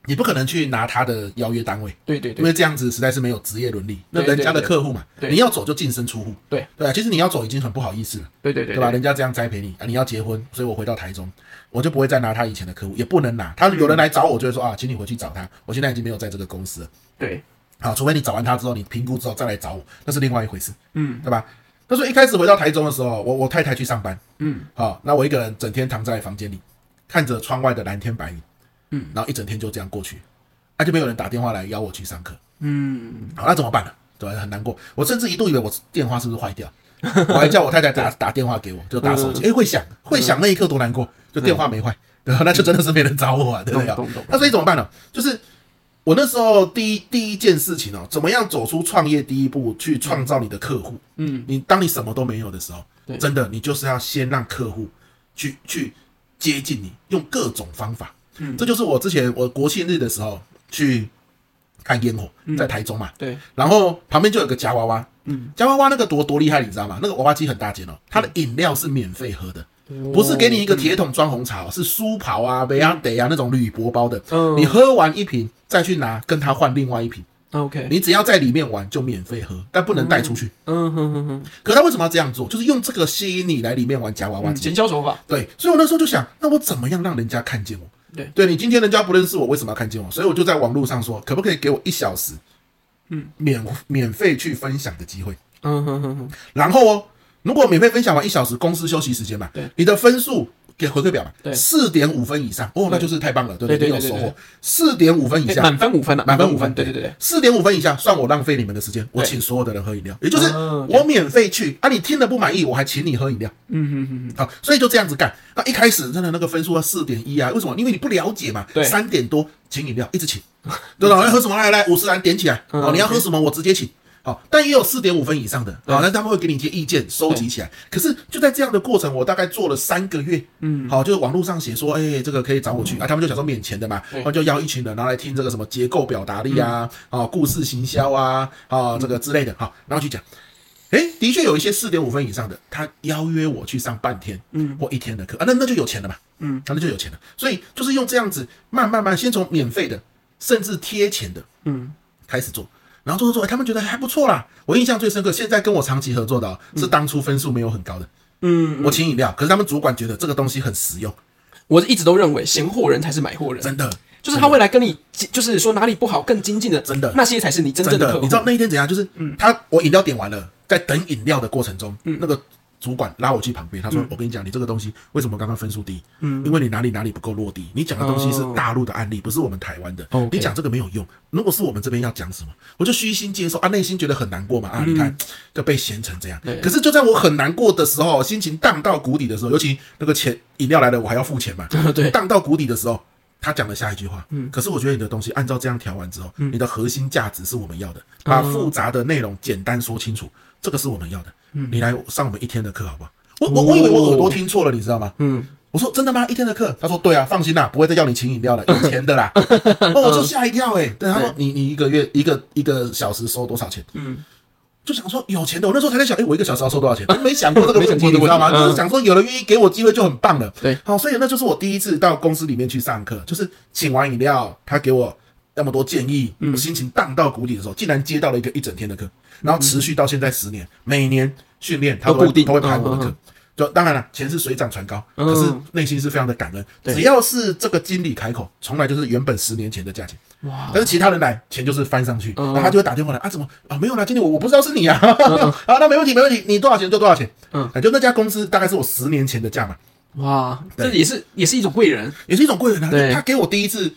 你不可能去拿他的邀約單位，對對對，因為這樣子實在是沒有職業倫理。那人家的客戶嘛，對對對，你要走就淨身出戶，對對，對，對、啊。其實你要走已經很不好意思了，對對對，對，對吧？人家這樣栽培你啊，你要結婚，所以我回到台中，我就不會再拿他以前的客戶，也不能拿。他有人來找我，就會說、嗯、啊，請你回去找他，我現在已經沒有在這個公司了。對，好，除非你找完他之後，你評估之後再來找我，那是另外一回事，嗯，對吧？他說一開始回到台中的時候，我我太太去上班，嗯，好、哦，那我一個人整天躺在房間裡，看着窗外的藍天白雲。嗯，然後一整天就這樣過去，那、啊、就沒有人打電話來邀我去上課。嗯，嗯好，那怎麼辦呢、啊？對吧？很難過。我甚至一度以為我電話是不是壞掉， <laughs> 我還叫我太太打打電話給我，就打手機，哎、嗯欸，會響，會響，那一刻多難過，就電話沒壞，嗯、對吧？那就真的是沒人找我、啊嗯，對不對、啊？懂懂懂。那所以你怎麼辦呢、啊？就是我那時候第一第一件事情哦，怎麼樣走出創業第一步，去創造你的客戶。嗯，你當你什麼都沒有的時候，嗯、真的你就是要先讓客戶去去接近你，用各種方法。嗯，這就是我之前我國慶日的時候去看煙火，嗯，在台中嘛。對，然後旁邊就有個夾娃娃，嗯，夾娃娃那個多多厲害，你知道嗎？那個娃娃機很大件哦，嗯，它的飲料是免費喝的，哦，不是給你一個鐵桶裝紅茶，嗯，是書袍舒跑啊、維他奶啊、嗯、那種鋁箔包的。嗯，你喝完一瓶再去拿，跟他換另外一瓶。OK，嗯、你只要在裡面玩就免費喝，但不能帶出去。嗯哼哼哼。可他為什麼要這樣做？就是用這個吸引你來裡面玩夾娃娃，減、嗯、銷手法。對，所以我那時候就想，那我怎麼樣讓人家看見我？對，對，你今天人家不認識我，為什麼要看見我？所以我就在網絡上說，可不可以給我一小時，嗯，免免費去分享的機會？嗯哼哼哼。然後哦，如果免費分享完一小時，公司休息時間嘛，對，你的分數。給回饋表嘛，對，四點五分以上哦，那就是太棒了，對對對，對，對對，你有收穫。四點五分以下，滿分五分了，滿分五分、啊分 ,5 分，分 ,5 分對，對對對，對，四點五分以下算我浪費你們的時間，我請所有的人喝飲料，也就是我免費去啊，你聽了不滿意，我還請你喝飲料，嗯嗯嗯，好，所以就這樣子幹。那一開始真的那個分數要四點一啊，為什麼？因為你不了解嘛，對，三點多請飲料，一直請，對吧？我要喝什麼來來，五十嵐點起來，哦、嗯，你要喝什麼，okay. 我直接請。哦、但也有四點五分以上的啊，那、哦嗯、他們會給你一些意見，收集起來、嗯。可是就在這樣的過程，我大概做了三個月，嗯，好、哦，就是網絡上寫說，哎、欸，這個可以找我去，嗯、啊，他們就想說免錢的嘛，嗯、他就邀一群人然後來聽這個什麼結構表達力啊，啊、嗯哦，故事行銷啊，啊、哦嗯，這個之類的，好、哦，然後去講。哎、欸，的確有一些四點五分以上的，他邀約我去上半天，嗯，或一天的課啊，那那就有錢了嘛，嗯，那、啊、那就有錢了。所以就是用這樣子，慢慢慢，先從免費的，甚至貼錢的，嗯，開始做。然後做做做，欸，他們覺得還不錯啦。我印象最深刻，現在跟我長期合作的、哦嗯，是當初分數沒有很高的嗯。嗯，我請飲料，可是他們主管覺得這個東西很實用。我一直都認為，嫌貨人才是買貨人。真的，就是他未來跟你就是說哪裡不好更精進的，真的那些才是你真正的客戶，真的，你知道那一天怎樣？就是他、嗯、我飲料點完了，在等飲料的過程中，嗯，那個。主管拉我去旁邊，他說：“嗯、我跟你講，你這個東西為什麼剛剛分數低、嗯？因為你哪裡哪裡不夠落地。你講的東西是大陸的案例、哦，不是我們台灣的。哦 okay、你講這個沒有用。如果是我們這邊要講什麼，我就虛心接受啊，內心覺得很難過嘛啊、嗯！你看，就被嫌成這樣。可是就在我很難過的時候，心情盪到谷底的時候，尤其那個錢飲料來了，我還要付錢嘛。對，盪到谷底的時候，他講了下一句話、嗯，可是我覺得你的東西按照這樣調完之後、嗯，你的核心價值是我們要的，把複雜的內容簡單說清楚。”這個是我們要的、嗯，你來上我們一天的課好不好？嗯、我我我以為我耳朵聽錯了，你知道嗎？嗯，我說真的嗎？一天的課？他說對啊，放心啦，不會再要你請飲料了，有錢的啦。哇、嗯哦，我就嚇一跳哎、欸嗯！對，他說你你一個月一個一個小時收多少錢？嗯，就想說有錢的，我那時候才在想，哎，我一個小時要收多少錢？嗯、我沒想過這個問題，你知道嗎？就、嗯、是想說有人願意給我機會就很棒了。對，好，所以那就是我第一次到公司裡面去上課，就是請完飲料，他給我。那麼多建議，嗯、心情盪到谷底的時候，竟然接到了一個一整天的課，嗯、然後持續到現在十年，每年訓練他會固定都會排我的課。嗯、就、嗯嗯、當然了，錢是水漲船高、嗯，可是內心是非常的感恩、嗯。只要是這個經理開口，從來就是原本十年前的價錢。哇！但是其他人來，錢就是翻上去，嗯、然後他就會打電話來啊，怎麼啊、哦、沒有啦，經理我我不知道是你啊。好哈哈、嗯啊，那沒問題，沒問題，你多少錢就多少錢。嗯，就那家公司大概是我十年前的價嘛。哇，這也是也是一種貴人，也是一種貴人啊。他給我第一次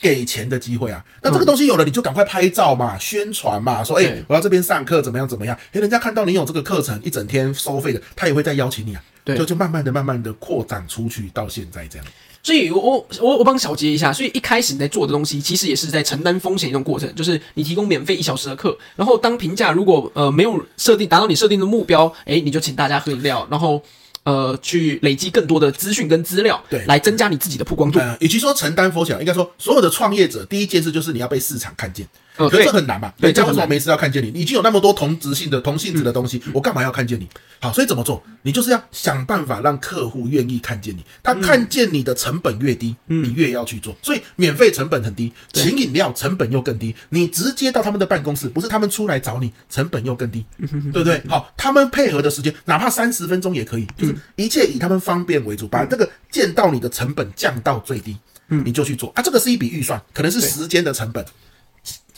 給錢的機會啊，那這個東西有了，你就趕快拍照嘛，宣傳嘛，說誒、欸，我要這邊上課，怎麼樣怎麼樣？誒、欸，人家看到你有這個課程，一整天收費的，他也會再邀請你啊。對，就就慢慢的、慢慢的擴展出去，到現在這樣。所以我，我我我幫小結一下，所以一開始你在做的東西，其實也是在承擔風險一種過程，就是你提供免費一小時的課，然後當評價如果呃沒有設定達到你設定的目標，誒，你就請大家喝飲料，然後。呃，去累積更多的資訊跟資料，對，來增加你自己的曝光度。呃，與其說承擔風險，應該說所有的創業者第一件事就是你要被市場看見。可是這很難嘛？哦、對，人家很難對，這為什麼每次要看見你？已經有那麼多同質性的、同性質的東西，嗯，我幹嘛要看見你？好，所以怎麼做？你就是要想辦法讓客戶願意看見你。他看見你的成本越低，嗯，你越要去做。所以免費成本很低，嗯，請飲料成本又更低，你直接到他們的辦公室，不是他們出來找你，成本又更低，嗯嗯嗯，對不對？好，他們配合的時間哪怕三十分鐘也可以，就是一切以他們方便為主，把這個見到你的成本降到最低，嗯，你就去做啊。這個是一筆預算，可能是時間的成本。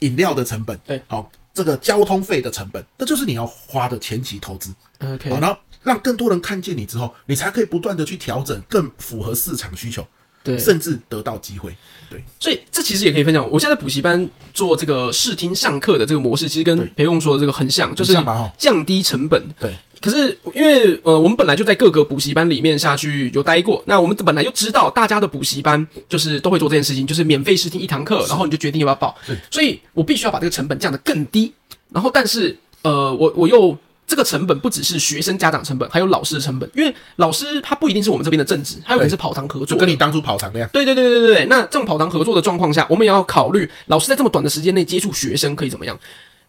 飲料的成本，對，好、哦，這個交通費的成本，這就是你要花的前期投資。OK，好、哦，然後讓更多人看見你之後，你才可以不斷的去調整，更符合市場需求，對，甚至得到機會。對，所以這其實也可以分享。我現在補習班做這個試聽上課的這個模式，其實跟培祐說的這個很像，就是降低成本。對。可是因為呃，我們本來就在各個補習班裡面下去有待過，那我們本來就知道大家的補習班就是都會做這件事情，就是免費試聽一堂課，然後你就決定要不要報。對，所以我必須要把這個成本降得更低。然後，但是呃，我我又這個成本不只是學生家長成本，還有老師的成本，因為老師他不一定是我們這邊的正職，他有可能是跑堂合作。跟你當初跑堂那樣。對對對對對對。那這種跑堂合作的狀況下，我們也要考慮老師在這麼短的時間內接觸學生可以怎麼樣？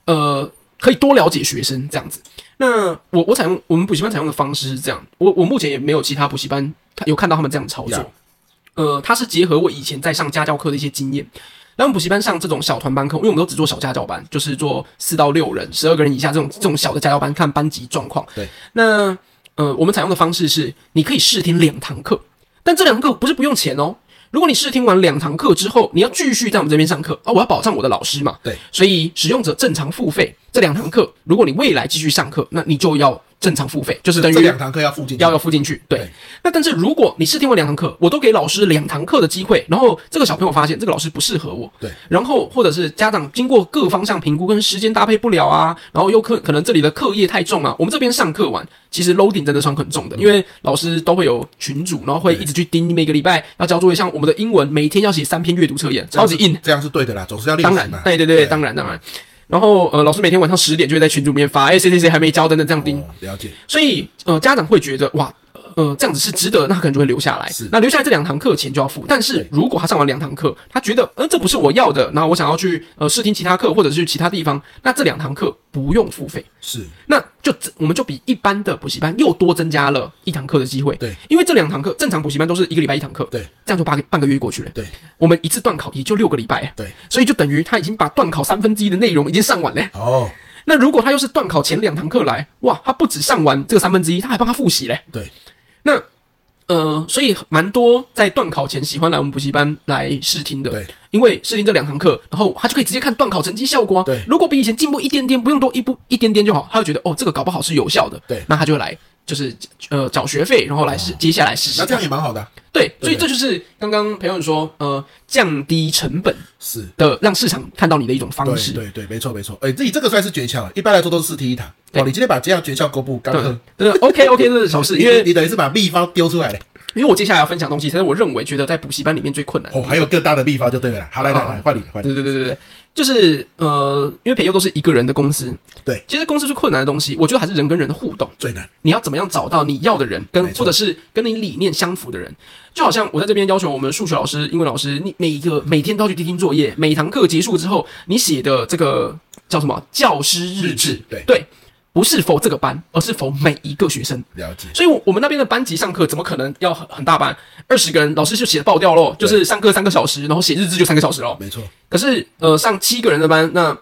呃。可以多了解學生這樣子，那我我採用我們補習班採用的方式是這樣，我我目前也沒有其他補習班看有看到他們這樣操作，yeah. 呃，他是結合我以前在上家教課的一些經驗，然後補習班上這種小團班課，因為我們都只做小家教班，就是做四到六人，十二個人以下這種這種小的家教班，看班級狀況。對，那呃，我們採用的方式是，你可以試聽兩堂課，但這兩個不是不用錢哦。如果你試聽完兩堂課之後，你要繼續在我們這邊上課啊、哦，我要保障我的老師嘛。對，所以使用者正常付費這兩堂課，如果你未來繼續上課，那你就要。正常付費，就是等於兩堂課要付進去，要要付進去，對，對。那但是如果你試聽完兩堂課，我都給老師兩堂課的機會，然後這個小朋友發現這個老師不適合我，對。然後或者是家長經過各方向評估跟時間搭配不了啊，然後又可可能這裡的課業太重啊。我們這邊上課完，其實 loading 真的算很重的，嗯、因為老師都會有群組，然後會一直去盯。每個禮拜要交作業，像我們的英文每天要寫三篇閱讀測驗，超級硬這樣。這樣是對的啦，總是要練嘛。當然，對對對，當然、啊、當然。當然然後，呃，老師每天晚上十點就會在群組裡面發，哎、欸，誰誰誰還沒交，等等這樣盯、哦，了解。所以，呃，家長會覺得哇。呃，這樣子是值得，那可能就會留下來。是，那留下來這兩堂課錢就要付。但是如果他上完兩堂課，他覺得，呃，這不是我要的，然後我想要去呃試聽其他課，或者是其他地方，那這兩堂課不用付費。是，那就我們就比一般的補習班又多增加了一堂課的機會。對，因為這兩堂課正常補習班都是一個禮拜一堂課。對，這樣就半個半個月過去了。對，我們一次段考也就六個禮拜。對，所以就等於他已經把段考三分之一的內容已經上完了哦，oh. 那如果他又是段考前兩堂課來，哇，他不止上完這個三分之一，他還幫他複習嘞。對。那，呃，所以蠻多在段考前喜歡來我們補習班來試聽的，對，因為試聽這兩堂課，然後他就可以直接看段考成績效果啊，對，如果比以前進步一點點，不用多一步一點點就好，他就覺得哦，這個搞不好是有效的，對，那他就會來。就是呃，找學費，然後來是、哦、接下來是？那這樣也蠻好的，啊。對，對，對，對，所以這就是剛剛培祐說呃，降低成本是的，讓市場看到你的一種方式。對對，對，對，沒錯沒錯，誒、欸、自己這個算是訣竅了。一般來說都是四 T 一塔。哦，你今天把這樣訣竅公布，剛剛，剛對，對 OK OK，這是小事， <laughs> 因為你等於是把秘方丟出來了。因為我接下來要分享東西，才是我認為覺得在補習班裡面最困難。哦，還有更大的秘方就對了。好，來來來、哦，換你，換你對對對，對對對對。就是呃，因為培祐都是一個人的公司，對。其實公司是困難的東西，我覺得還是人跟人的互動最難。你要怎麼樣找到你要的人，跟或者是跟你理念相符的人？就好像我在這邊要求我們數學老師、英文老師，你每一個、嗯、每天都要去聽聽作業，每堂課結束之後你寫的這個叫什麼教師日誌？對對。不是否這個班，而是否每一個學生。了解。所以，我我們那邊的班級上課怎麼可能要很，很大班？二十個人，老師就寫的爆掉了。就是上課三個小時，然後寫日志就三個小時了。沒錯。可是，呃，上七個人的班，那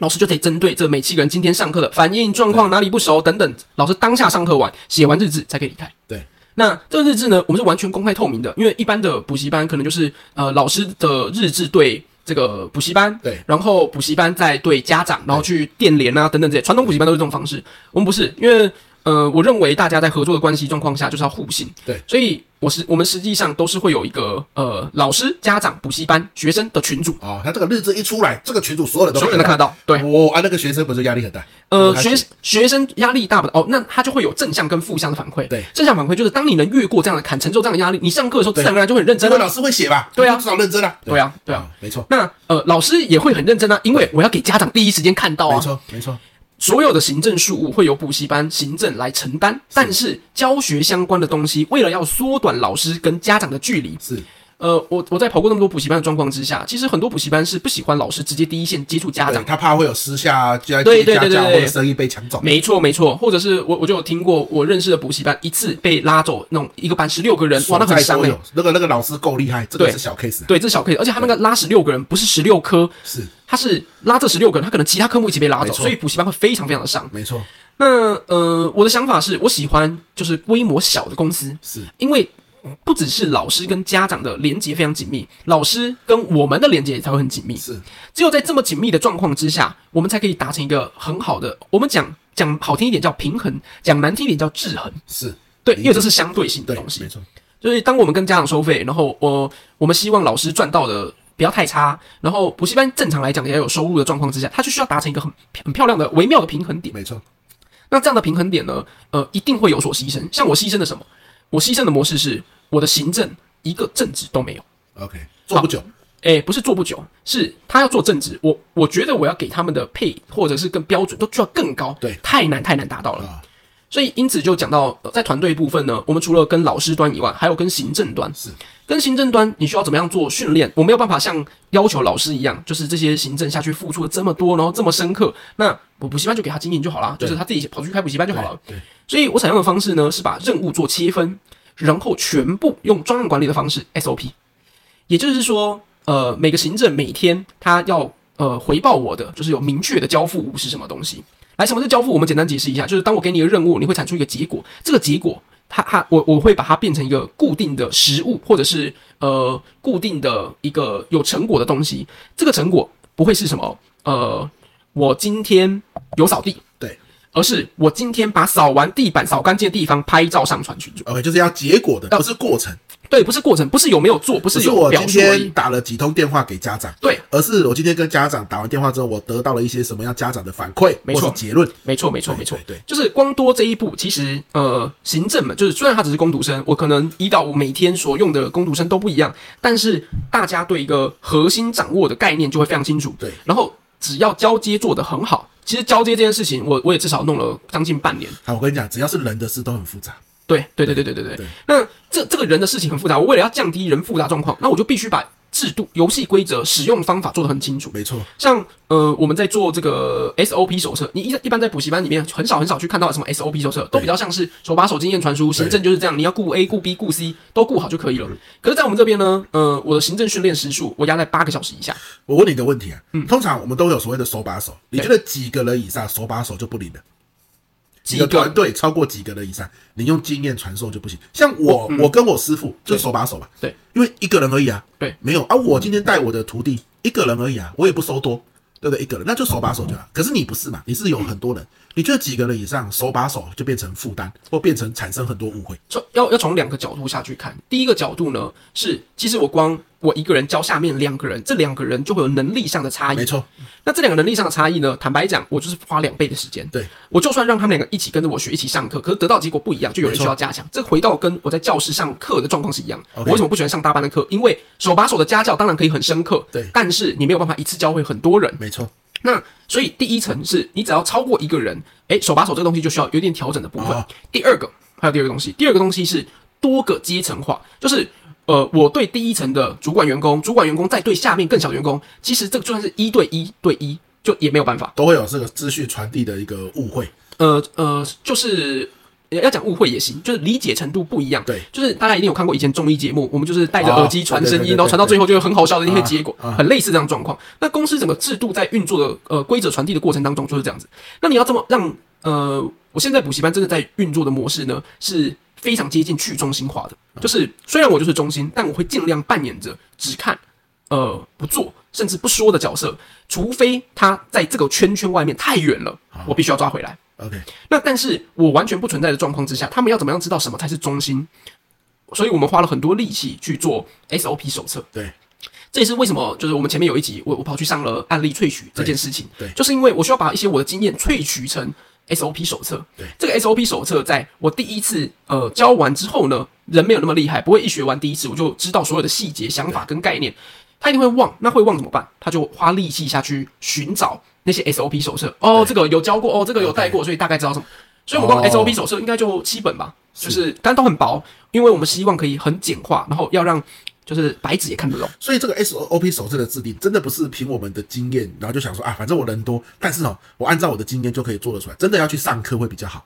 老師就得針對這每七個人今天上課的反應狀況，哪裡不熟等等，老師當下上課完寫完日志才可以離開。對。那這個日志呢，我們是完全公開透明的，因為一般的補習班可能就是呃老師的日志對。這個補習班，對，然後補習班再對家長，然後去電聯啊等等這些，傳統補習班都是這種方式。我們不是，因為。呃，我認為大家在合作的關係狀況下就是要互信。對，所以我是我們實際上都是會有一個呃老師、家長、補習班、學生的群組哦，他這個日誌一出來，這個群組所有的都所有人都看得到。對，我、哦、啊，那個學生不是壓力很大？呃，嗯、學學生壓力大不大？哦，那他就會有正向跟負向的反饋。對，正向反饋就是當你能越過這樣的坎，承受這樣的壓力，你上課的時候自然而然就會很認真、啊。那老師會寫吧？對啊，至少認真啊對。對啊，對啊，哦、沒錯。那呃，老師也會很認真啊，因為我要給家長第一時間看到啊。沒錯，沒錯。所有的行政事務會由補習班行政來承擔，但是教學相關的東西，為了要縮短老師跟家長的距離，是。呃，我我在跑過那麼多補習班的狀況之下，其實很多補習班是不喜歡老師直接第一線接觸家長，對，他怕會有私下接對對對對，對或者生意被搶走。沒錯沒錯，或者是我我就有聽過我認識的補習班一次被拉走那種一個班十六個人說說哇，那很傷嘞、欸，那個那個老師夠厲害，這個也是小 case。啊對。對，這是小 case，而且他那個拉十六個人不是十六科，是他是拉這十六個人，他可能其他科目一起被拉走，所以補習班會非常非常的傷。沒錯，那呃，我的想法是我喜歡就是規模小的公司，是因為。不只是老師跟家長的連接非常緊密，老師跟我們的連接也才會很緊密。是，只有在這麼緊密的狀況之下，我們才可以達成一個很好的，我們講講好聽一點叫平衡，講難聽一點叫制衡。是對，因為這是相對性的東西。對沒錯，所以當我們跟家長收費，然後我、呃、我們希望老師賺到的不要太差，然後補習班正常來講也要有收入的狀況之下，他就需要達成一個很很漂亮的微妙的平衡點。沒錯，那這樣的平衡點呢，呃，一定會有所犧牲。像我犧牲了什麼？我犧牲的模式是，我的行政一個正職都沒有。OK，做不久，誒、欸、不是做不久，是他要做正職。我我覺得我要給他們的配或者是更標準都需要更高。對，太難，太難達到了，啊。所以因此就講到、呃、在團隊部分呢，我們除了跟老師端以外，還有跟行政端。是。跟行政端你需要怎麼樣做訓練？我沒有辦法像要求老師一樣，就是這些行政下去付出了這麼多，然後這麼深刻那。我補習班就給他經營就好了，就是他自己跑出去開補習班就好了。對，所以我採用的方式呢，是把任務做切分，然後全部用專案管理的方式 SOP。也就是說，呃，每個行政每天他要呃，回報我的，就是有明確的交付物是什麼東西。來，什麼是交付？我們簡單解釋一下，就是當我給你一個任務，你會產出一個結果，這個結果它它我我會把它變成一個固定的實物，或者是呃固定的一個有成果的東西。這個成果不會是什麼呃。我今天有掃地，對，而是我今天把掃完地板掃乾淨的地方拍照上傳群組，OK 就是要結果的，呃，不是過程，對，不是過程，不是有沒有做，不是有表，就我今天打了幾通電話給家長，對，而是我今天跟家長打完電話之後，我得到了一些什麼樣家長的反饋，沒錯，結論，沒錯，沒錯，沒錯，對，對對就是光多這一步，其實呃，行政們就是雖然他只是工讀生，我可能一到五每天所用的工讀生都不一樣，但是大家對一個核心掌握的概念就會非常清楚，對，然後。只要交接做得很好，其實交接這件事情我，我我也至少弄了將近半年。好，我跟你講，只要是人的事都很複雜。對對對對對對對。對對，那這這個人的事情很複雜，我為了要降低人複雜狀況，那我就必須把。制度、遊戲規則、使用方法做得很清楚，沒錯。像呃，我們在做這個 SOP 手冊，你一一般在補習班裡面很少很少去看到什麼 SOP 手冊，都比較像是手把手經驗傳輸。行政就是這樣，你要顧 A 顧 B 顧 C 都顧好就可以了。可是，在我們這邊呢，呃，我的行政訓練時數我壓在八個小時以下。我問你個問題啊，嗯，通常我們都有所謂的手把手，你覺得幾個人以上手把手就不靈了？幾個，一個團隊超過幾個人以上，你用經驗傳授就不行。像我，哦嗯、我跟我師傅就手把手吧，對。對，因為一個人而已啊。對，沒有啊。我今天帶我的徒弟一個人而已啊，我也不收多，對不對？一個人那就手把手就好，哦嗯。可是你不是嘛？你是有很多人。嗯你覺得幾個人以上手把手就變成負擔，或變成產生很多誤會？從要要從兩個角度下去看。第一個角度呢是，其實我光我一個人教下面兩個人，這兩個人就會有能力上的差異。沒錯。那這兩個能力上的差異呢？坦白講，我就是花兩倍的時間。對。我就算讓他們兩個一起跟着我學，一起上課，可是得到結果不一樣，就有人需要加強。這回到跟我在教室上課的狀況是一樣。Okay。我為什麼不喜歡上大班的課？因為手把手的家教當然可以很深刻。對。但是你沒有辦法一次教會很多人。沒錯。那所以第一層是你只要超過一個人，哎、欸，手把手這個東西就需要有一點調整的部分。Oh. 第二個還有第二個東西，第二個東西是多個階層化，就是呃，我對第一層的主管員工，主管員工再對下面更小的員工，其實這個就算是一對一對一，就也沒有辦法，都會有這個資訊傳遞的一個誤會。呃呃，就是。要講誤會也行，就是理解程度不一樣。對，就是大家一定有看過以前綜藝節目，我們就是戴着耳機傳聲音，啊對對對對對。然後傳到最後就有很好笑的那些結果，啊啊、很類似這樣狀況。那公司整個制度在運作的呃規則傳遞的過程當中就是這樣子。那你要這麼讓呃，我現在補習班真的在運作的模式呢是非常接近去中心化的，就是雖然我就是中心，但我會盡量扮演着只看呃不做，甚至不說的角色，除非他在這個圈圈外面太遠了，我必須要抓回來。啊 OK，那但是，我完全不存在的狀況之下，他們要怎麼樣知道什麼才是中心？所以我們花了很多力氣去做 SOP 手冊。對，這也是為什麼，就是我們前面有一集我，我我跑去上了案例萃取這件事情。對，對就是因為我需要把一些我的經驗萃取成 SOP 手冊。對，這個 SOP 手冊，在我第一次呃教完之後呢，人沒有那麼厲害，不會一學完第一次我就知道所有的細節、想法跟概念，他一定會忘。那會忘怎麼辦？他就花力氣下去尋找。那些 SOP 手冊哦，這個有教過哦，這個有帶過，所以大概知道什麼。所以我光是 SOP 手冊應該就七本吧，哦、就是，是但都很薄，因為我們希望可以很簡化，然後要讓就是白紙也看得懂。所以這個 SOP 手冊的制定真的不是憑我們的經驗，然後就想說啊，反正我人多，但是哦，我按照我的經驗就可以做得出來。真的要去上課會比較好。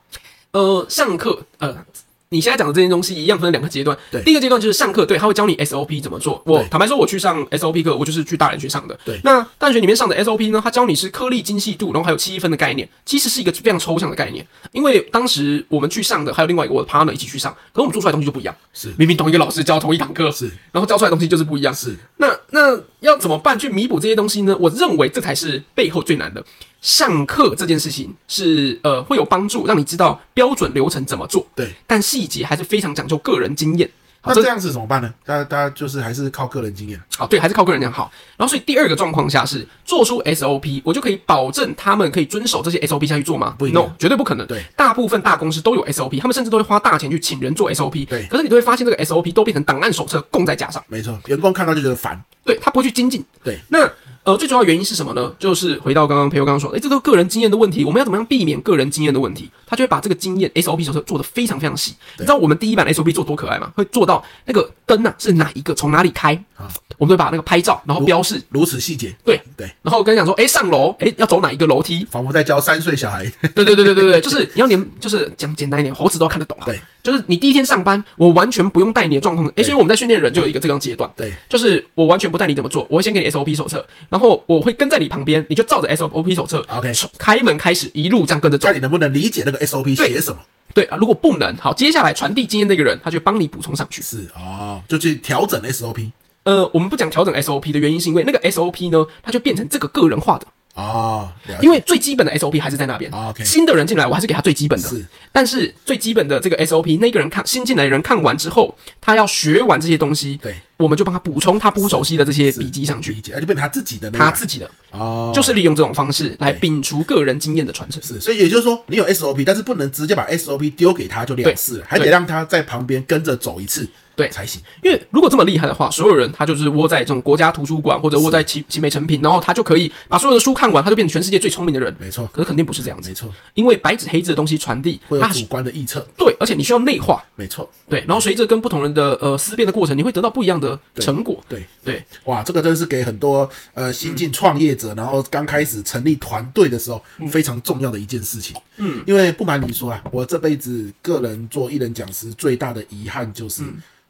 呃，上課呃。你現在講的這些東西一樣分了兩個階段，對，第一個階段就是上課，對，他會教你 SOP 怎麼做。我坦白說，我去上 SOP 課，我就是去大學去上的。對，那大學裡面上的 SOP 呢，他教你是顆粒精細度，然後還有七分的概念，其實是一個非常抽象的概念。因為當時我們去上的還有另外一個我的 partner 一起去上，可是我們做出來的東西就不一樣。是，明明同一個老師教同一堂課，是，然後教出來的東西就是不一樣。是，那那要怎麼辦去彌補這些東西呢？我認為這才是背後最難的。上課這件事情是呃，會有幫助，讓你知道標準流程怎麼做。對，但細節還是非常講究個人經驗。那這樣子怎麼辦呢？大家大家就是還是靠個人經驗。好，對，還是靠個人經驗好。然後，所以第二個狀況下是做出 SOP，我就可以保證他們可以遵守這些 SOP 下去做嗎？不一定啊，no，絕對不可能。對，大部分大公司都有 SOP，他們甚至都會花大錢去請人做 SOP。對，可是你都會發現這個 SOP 都變成檔案手冊供在架上。沒錯，員工看到就覺得煩。對，他不會去精進。對，那。呃，最主要原因是什麼呢？就是回到剛剛培祐剛剛說，哎、欸，這都個人經驗的問題。我們要怎麼樣避免個人經驗的問題？他就會把這個經驗 SOP 手冊做得非常非常細。你知道我們第一版 SOP 做多可愛嗎？會做到那個。燈啊，是哪一個？從哪裡開？啊，我們會把那個拍照，然後標示如此細節。對對，然後跟你講說，哎、欸，上樓，哎、欸，要走哪一個樓梯？仿佛在教三歲小孩。對 <laughs> 對對對對對，就是你要連，就是講簡單一點，猴子都看得懂啊。對，就是你第一天上班，我完全不用帶你的狀況。哎，所以我們在訓練人就有一個這樣階段。對，就是我完全不帶你怎麼做，我會先給你 SOP 手冊，然後我會跟在你旁邊，你就照着 SOP 手冊，OK，開門開始一路這樣跟着走。那你能不能理解那個 SOP 寫什麼？對對啊，如果不能，好，接下來傳遞經驗那個人，他就幫你補充上去。是哦，就去調整 SOP。呃，我們不講調整 SOP 的原因，是因為那個 SOP 呢，它就變成這個個人化的啊。哦，對啊。因為最基本的 SOP 還是在那邊。哦 okay。新的人進來，我還是給他最基本的。是，但是最基本的這個 SOP，那個人看，新進來的人看完之後，他要學完這些東西。對。我們就幫他補充他不熟悉的這些筆記上去，啊，就變成他自己的，他自己的哦，就是利用這種方式來摒除個人經驗的傳承。是，所以也就是說，你有 SOP，但是不能直接把 SOP 丟給他就了事，還得讓他在旁邊跟着走一次，對才行。因為如果這麼厲害的話，所有人他就是窩在這種國家圖書館或者窩在奇奇美誠品，然後他就可以把所有的書看完，他就變成全世界最聰明的人。沒錯，可是肯定不是這樣子，沒錯，因為白紙黑字的東西傳遞，會有主觀的臆測，對，而且你需要內化，沒錯，對，然後隨着跟不同人的呃思辨的過程，你會得到不一樣的。成果對，對對，對，哇，這個真是給很多呃新進創業者、嗯，然後剛開始成立團隊的時候、嗯、非常重要的一件事情。嗯，因為不瞞你說啊，我這輩子個人做一人講師最大的遺憾就是，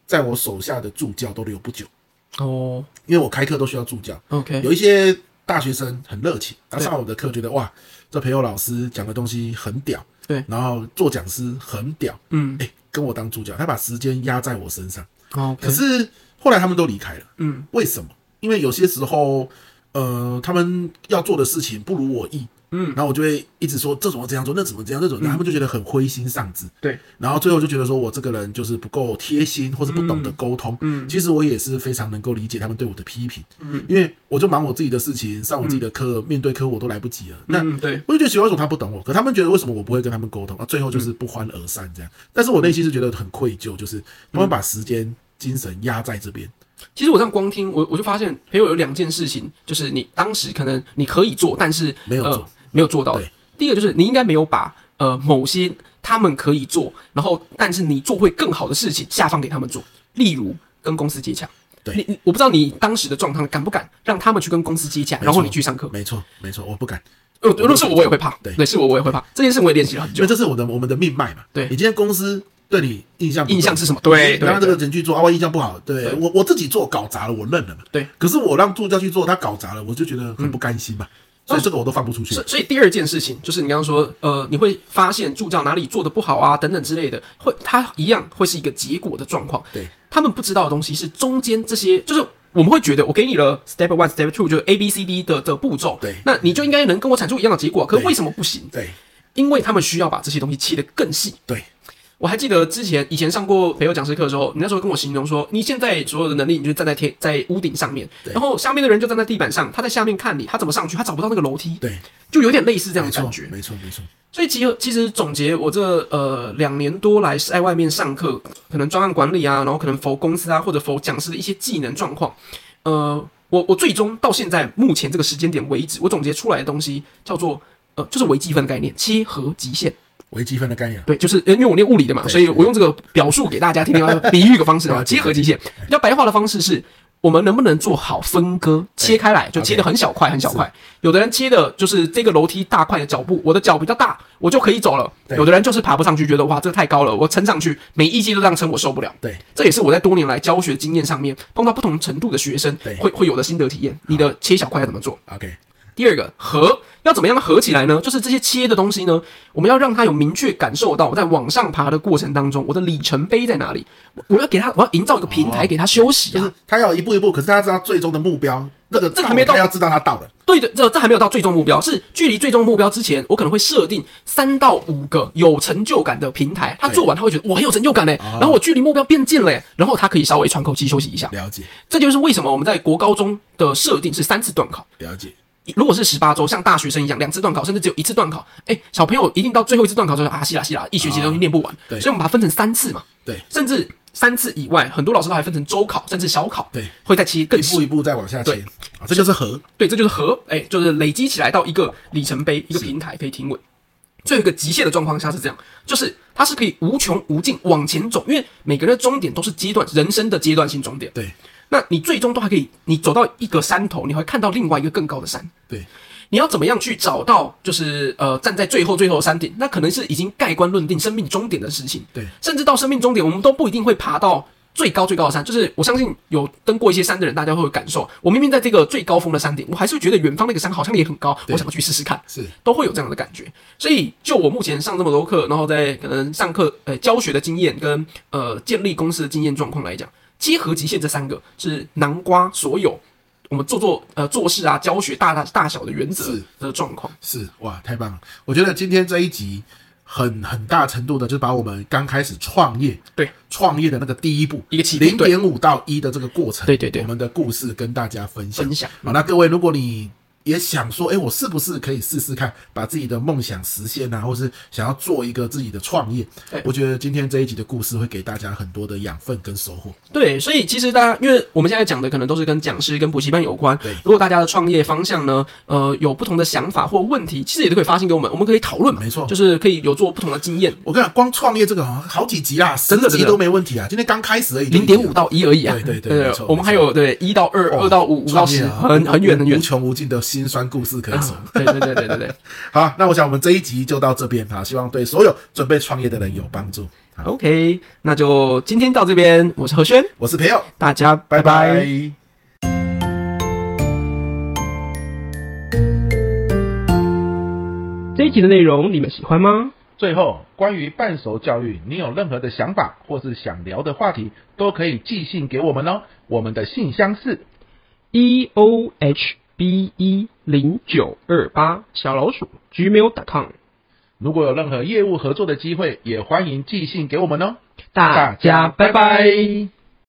在我手下的助教都留不久、嗯。哦，因為我開課都需要助教。OK，有一些大學生很熱情，他上我的課覺得哇，這培祐老師講的東西很屌，對，然後做講師很屌，嗯，哎、欸，跟我當助教，他把時間壓在我身上。哦，okay. 可是。後來他們都離開了，嗯，為什麼？因為有些時候，呃，他們要做的事情不如我意，嗯，然後我就會一直說這種怎樣做，那怎麼這樣，那種，嗯、他們就覺得很灰心喪志，對，然後最後就覺得說我這個人就是不夠貼心，或是不懂得溝通，嗯，嗯，其實我也是非常能夠理解他們對我的批評，嗯，因為我就忙我自己的事情，上我自己的課，嗯、面對客戶我都來不及了，那、嗯、對，那我就覺得為什麼他不懂我，可他們覺得為什麼我不會跟他們溝通，那最後就是不歡而散這樣，但是我內心是覺得很愧疚，就是他們把時間。精神壓在這邊。其實我這樣光聽，我我就發現，朋友有兩件事情，就是你當時可能你可以做，但是沒有做，呃，沒有做到。對，第一個就是你應該沒有把呃某些他們可以做，然後但是你做會更好的事情下放給他們做，例如跟公司接洽，對，你我不知道你當時的狀態，敢不敢讓他們去跟公司接洽，然後你去上課？沒錯，沒錯，我不敢。呃，如果是我我也會怕對。對，是我我也會怕。這件事我也練習了很久，因為這是我的我們的命脈嘛。對你今天公司。對你印象印象是什麼？對，剛剛這個人去做啊，我印象不好，對我我自己做搞砸了，我認了嘛。對，可是我讓助教去做，他搞砸了，我就覺得很不甘心嘛。嗯、所以這個我都放不出去。哦。所以第二件事情就是你剛剛說，呃，你會發現助教哪裡做的不好啊，等等之類的，會他一樣會是一個結果的狀況。對，他們不知道的東西是中間這些，就是我們會覺得我給你了 step one step two 就是 a b c d 的的步驟，對，那你就應該能跟我產出一樣的結果，可是為什麼不行？對，對因為他們需要把這些東西切得更細。對。我還記得之前以前上過培祐講師課的時候，你那時候跟我形容說，你現在所有的能力，你就站在天在屋頂上面，對，然後下面的人就站在地板上，他在下面看你，他怎麼上去，他找不到那個樓梯，對，就有點類似這樣的感覺。沒錯，沒錯，沒錯。所以其實其實總結我這呃兩年多來在外面上課，可能專案管理啊，然後可能佛公司啊，或者佛講師的一些技能狀況，呃，我我最終到現在目前這個時間點為止，我總結出來的東西叫做呃，就是微積分的概念，切和極限。微積分的概念，對，就是，因為我念物理的嘛，所以我用這個表述給大家聽聽，比喻一個方式啊，結合極限，要白話的方式是我們能不能做好分割，切開來，就切得很小塊，很小塊。有的人切的就是這個樓梯大塊的腳步，我的腳比較大，我就可以走了。有的人就是爬不上去，覺得哇，這太高了，我撐上去，每一階都這樣撐，我受不了。對，這也是我在多年來教學經驗上面碰到不同程度的學生，對，會，會有的心得體驗。你的切小塊要怎麼做？OK。第二個合要怎麼樣合起來呢？就是這些切的東西呢，我們要讓他有明確感受到，我在往上爬的過程當中，我的里程碑在哪裡？我，我要給他，我要營造一個平台給他休息啊。哦，就是、他要一步一步，可是他知道最終的目標。這、那個這個還沒到，他要知道他到了。對的，這這還沒有到最終目標，是距離最終目標之前，我可能會設定三到五個有成就感的平台，他做完他會覺得我很有成就感嘞、欸哦，然後我距離目標變近了、欸，然後他可以稍微喘口氣休息一下。了解，這就是為什麼我們在國高中的設定是三次段考。了解。如果是十八週，像大學生一樣兩次段考，甚至只有一次段考，誒、欸，小朋友一定到最後一次段考的時候啊，稀啦稀啦，一學期的東西念不完、啊。對，所以我們把它分成三次嘛。對，甚至三次以外，很多老師都還分成周考，甚至小考。對，會再切更一步一步再往下切。對，這就是和。對，這就是和，誒，就是累積起來到一個里程碑、一個平台可以停穩。最後一個極限的狀況下是這樣，就是它是可以無窮無盡往前走，因為每個人的終點都是階段人生的階段性終點。對。那你最終都還可以，你走到一個山頭，你會看到另外一個更高的山。對，你要怎麼樣去找到，就是呃，站在最後最後的山頂，那可能是已經蓋棺論定生命終點的事情。對，甚至到生命終點，我們都不一定會爬到最高最高的山。就是我相信有登過一些山的人，大家會有感受。我明明在這個最高峰的山頂，我還是覺得遠方那個山好像也很高，我想去試試看。是，都會有這樣的感覺。所以就我目前上這麼多課，然後在可能上課呃、欸、教學的經驗跟呃建立公司的經驗狀況來講。結合極限這三個是南瓜所有我們做做呃做事啊教學大大大小的原則是，的狀況是，是哇太棒了！我覺得今天這一集很很大程度的就是把我們剛開始創業對、啊、創業的那個第一步一個起零點五到一的這個過程對對對我們的故事跟大家分享分享好那各位如果你也想說，哎、欸，我是不是可以試試看，把自己的夢想實現啊，或是想要做一個自己的創業？對，我覺得今天這一集的故事會給大家很多的養分跟收穫。對，所以其實大家，因為我們現在講的可能都是跟講師、跟補習班有關。對，如果大家的創業方向呢，呃，有不同的想法或問題，其實也都可以發信給我們，我們可以討論嘛，沒錯，就是可以有做不同的經驗。我跟你講，光創業這個好，好幾集啦，真的，真的，十集都沒問題啊。今天剛開始而已，零點五到一而已啊。對對對，對對對，我們還有對一到二、哦、二到五、五到十、啊，很很遠很遠，無窮無盡的。心酸故事可以說、啊，對對對對對對， <laughs> 好，那我想我們這一集就到這邊啊，希望對所有準備創業的人有幫助好。OK，那就今天到這邊，我是何宣，我是培祐，大家拜拜,拜拜。這一集的內容你們喜歡嗎？最後，關於半熟教育，你有任何的想法或是想聊的話題，都可以寄信給我們哦。我們的信箱是 e o h。B 一零九二八小老鼠 gmail.com，如果有任何業務合作的機會，也歡迎寄信給我們哦。大家拜拜。